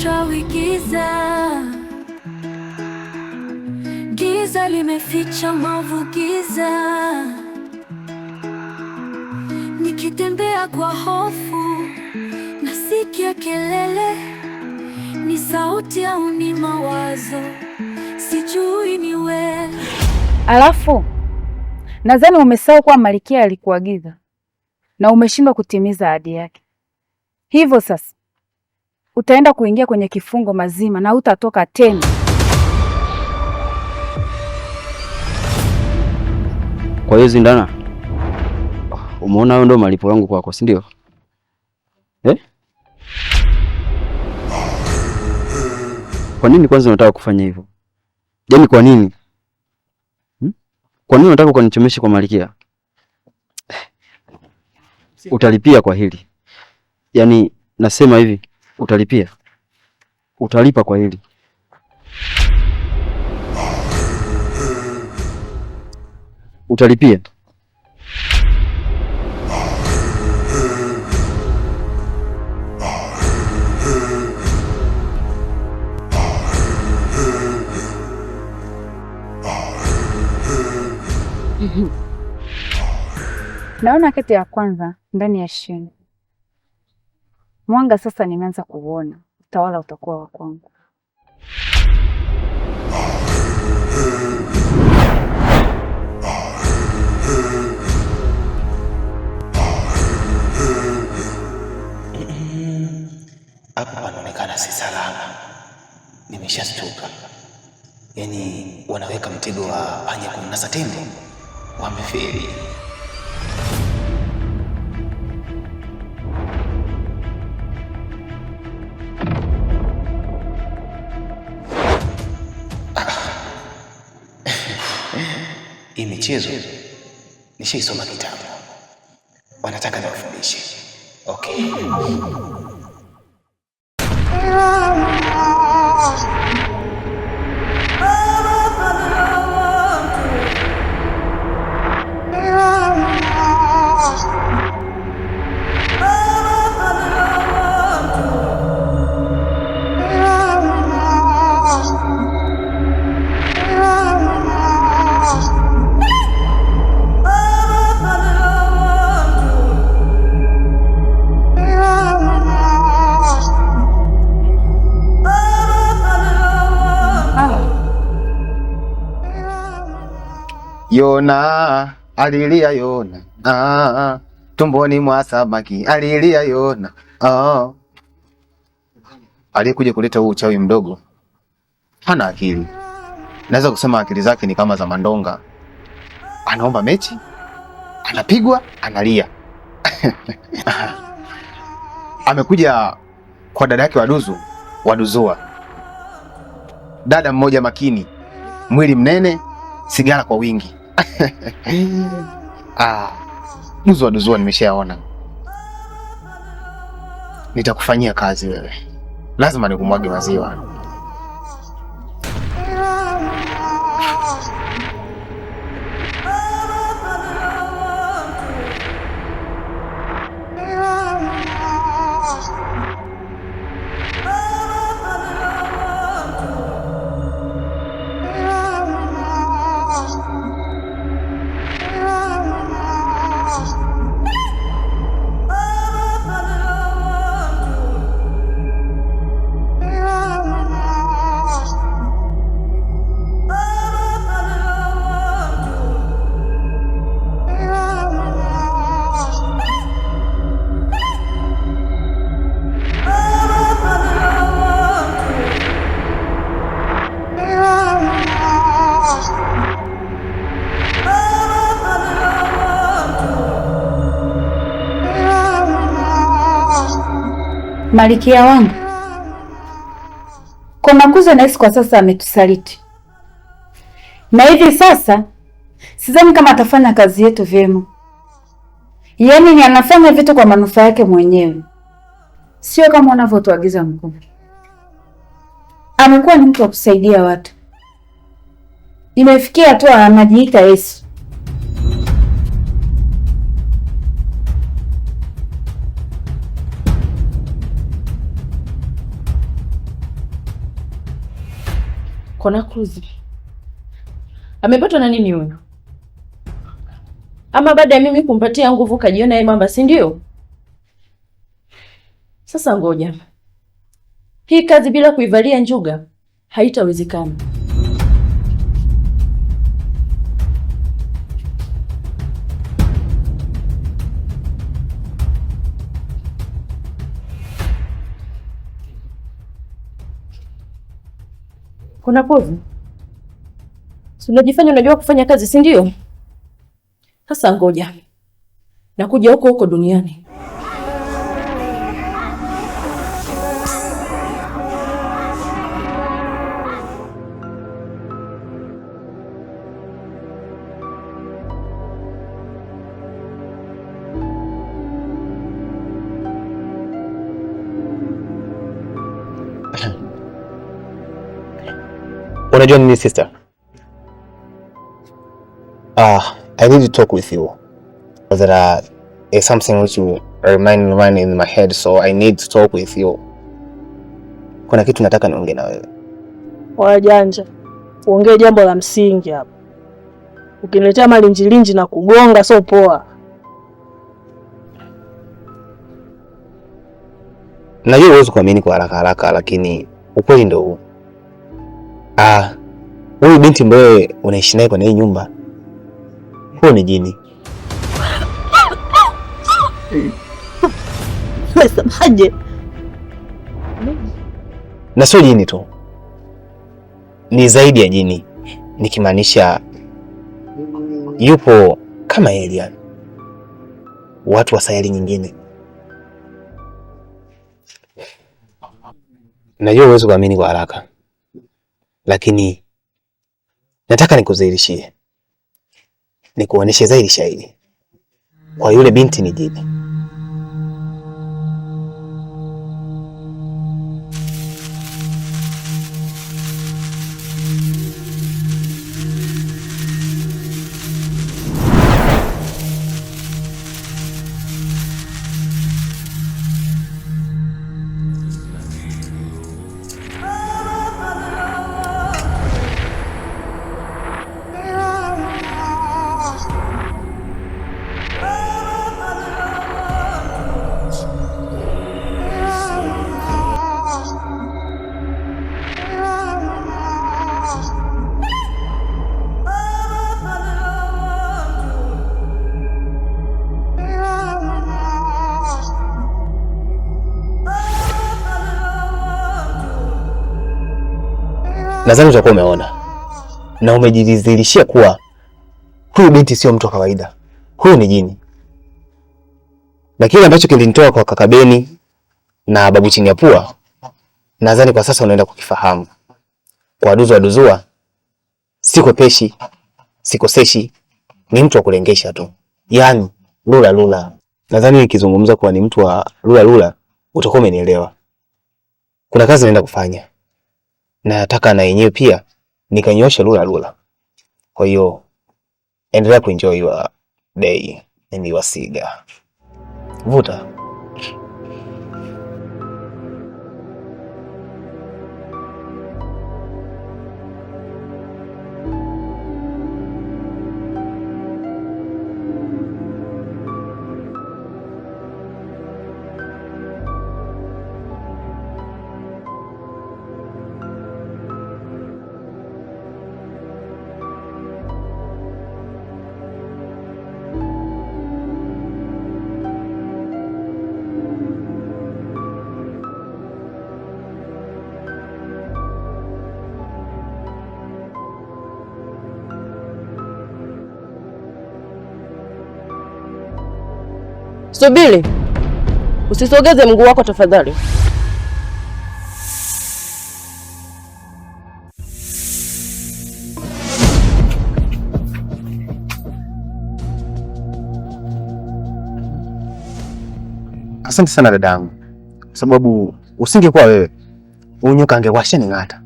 uchawi giza, giza limeficha mavu, giza nikitembea kwa hofu, nasikia kelele, ni sauti au ni mawazo, sijui ni wewe. Alafu nadhani umesahau kuwa Malkia alikuagiza na umeshindwa kutimiza ahadi yake, hivyo sasa utaenda kuingia kwenye kifungo mazima na utatoka tena. Kwa hiyo Zindana, umeona hayo ndio malipo yangu kwako, si ndio? Eh? Kwa nini kwanza unataka kufanya hivyo? Yaani kwa nini hmm? Kwa nini unataka ukanichomeshe kwa Malikia? Utalipia kwa hili. Yaani nasema hivi utalipia, utalipa kwa hili. Utalipia. Naona kete ya kwanza ndani ya shini Mwanga sasa nimeanza kuona, utawala utakuwa wa kwangu. Hapa panaonekana si salama, nimeshastuka Yaani wanaweka mtego wa panya kumnasa tembo, wamefeli. michezo nishaisoma kitabu, wanataka niwafundishe. Okay. Yona alilia Yona ah, tumboni mwa samaki alilia Yona ah. Aliyekuja kuleta huu uchawi mdogo hana akili, naweza kusema akili zake ni kama za mandonga. Anaomba mechi, anapigwa, analia amekuja kwa dada yake Waduzu Waduzua, dada mmoja makini, mwili mnene, sigara kwa wingi Ah, duzo duzo nimeshaona. Nitakufanyia kazi wewe, lazima nikumwage maziwa. Malikia wangu kwa makuzo, naisi kwa sasa ametusaliti, na hivi sasa sidhani kama atafanya kazi yetu vyema. Yaani ni anafanya vitu kwa manufaa yake mwenyewe, sio kama unavyotuagiza mkuu. Amekuwa ni mtu wa kusaidia watu, imefikia hatua anajiita Yesu. Kona Cruise amepatwa na nini huyu? Ama baada ya mimi kumpatia nguvu kajiona yeye mamba si ndio? Sasa ngoja, hii kazi bila kuivalia njuga haitawezekana. Kuna povu? Unajifanya unajua kufanya kazi, si ndio? Sasa ngoja nakuja huko huko duniani Unajua nini sister? Ah, uh, I need to talk with you. There are uh, something which you remind remind in my head so I need to talk with you. Kuna kitu nataka niongee na wewe. Wajanja, uongee jambo la msingi hapa. Ukiniletea malinjilinji na kugonga sio poa. Najua huwezi kuamini kwa haraka haraka, lakini ukweli ndio huu. Ah, huyu binti ambaye unaishi naye kwenye hii nyumba, huyu ni jini. Nasemaje? na sio jini tu, ni zaidi ya jini, nikimaanisha yupo kama alien, watu wa sayari nyingine. Najua uwezo kuamini kwa haraka lakini nataka nikudhihirishie, nikuonyeshe zaidi shahidi kwa yule binti ni jini. Nadhani utakuwa umeona na umejidhihirishia kuwa huyu binti sio mtu wa kawaida, huyu ni jini. Na kile ambacho kilinitoa kwa kaka Beni na babu chini ya pua, nadhani kwa sasa unaenda kukifahamu. Kwa duzua aduzua, siko peshi, sikoseshi, ni mtu wa kulengesha tu, yaani lula lula. Nadhani nikizungumza kuwa ni mtu wa lula lula utakuwa umenielewa. Kuna kazi naenda kufanya na nataka na yenyewe pia nikanyosha lula lula. Kwa hiyo endelea kuenjoy your day, and your cigar. Vuta. Subiri, usisogeze mguu wako tafadhali. Asante sana dadangu, kwa sababu usingekuwa wewe unyoka angewasha ning'ata.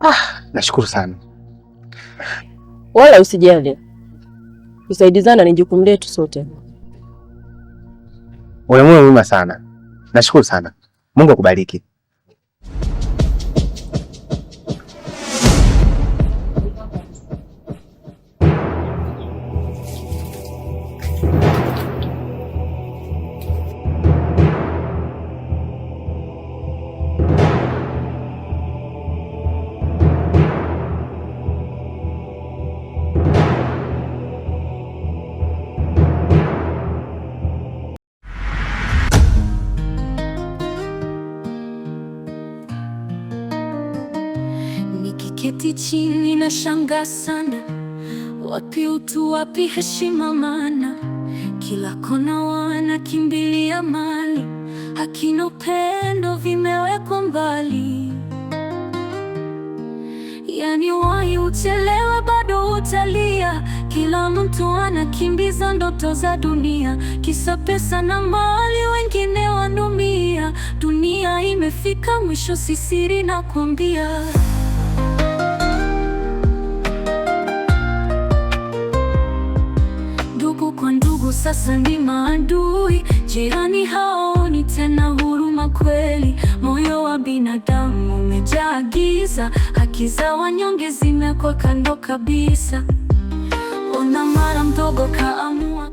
Ah, nashukuru sana. Wala usijali, kusaidizana ni jukumu letu sote. Wewe mwema sana. Nashukuru sana. Mungu akubariki. kuketi chini na shanga sana, wapi utu, wapi heshima? Maana kila kona wanakimbilia mali, haki na upendo vimewekwa mbali. Yani wai uchelewe, bado utalia. Kila mtu anakimbiza ndoto za dunia, kisa pesa na mali, wengine wanumia. Dunia imefika mwisho, sisiri na kuambia sasa ni maadui. Jirani haoni tena huruma kweli. Moyo wa binadamu umejaa giza, haki za wanyonge zimekwa kando kabisa. Ona mara mdogo kaamua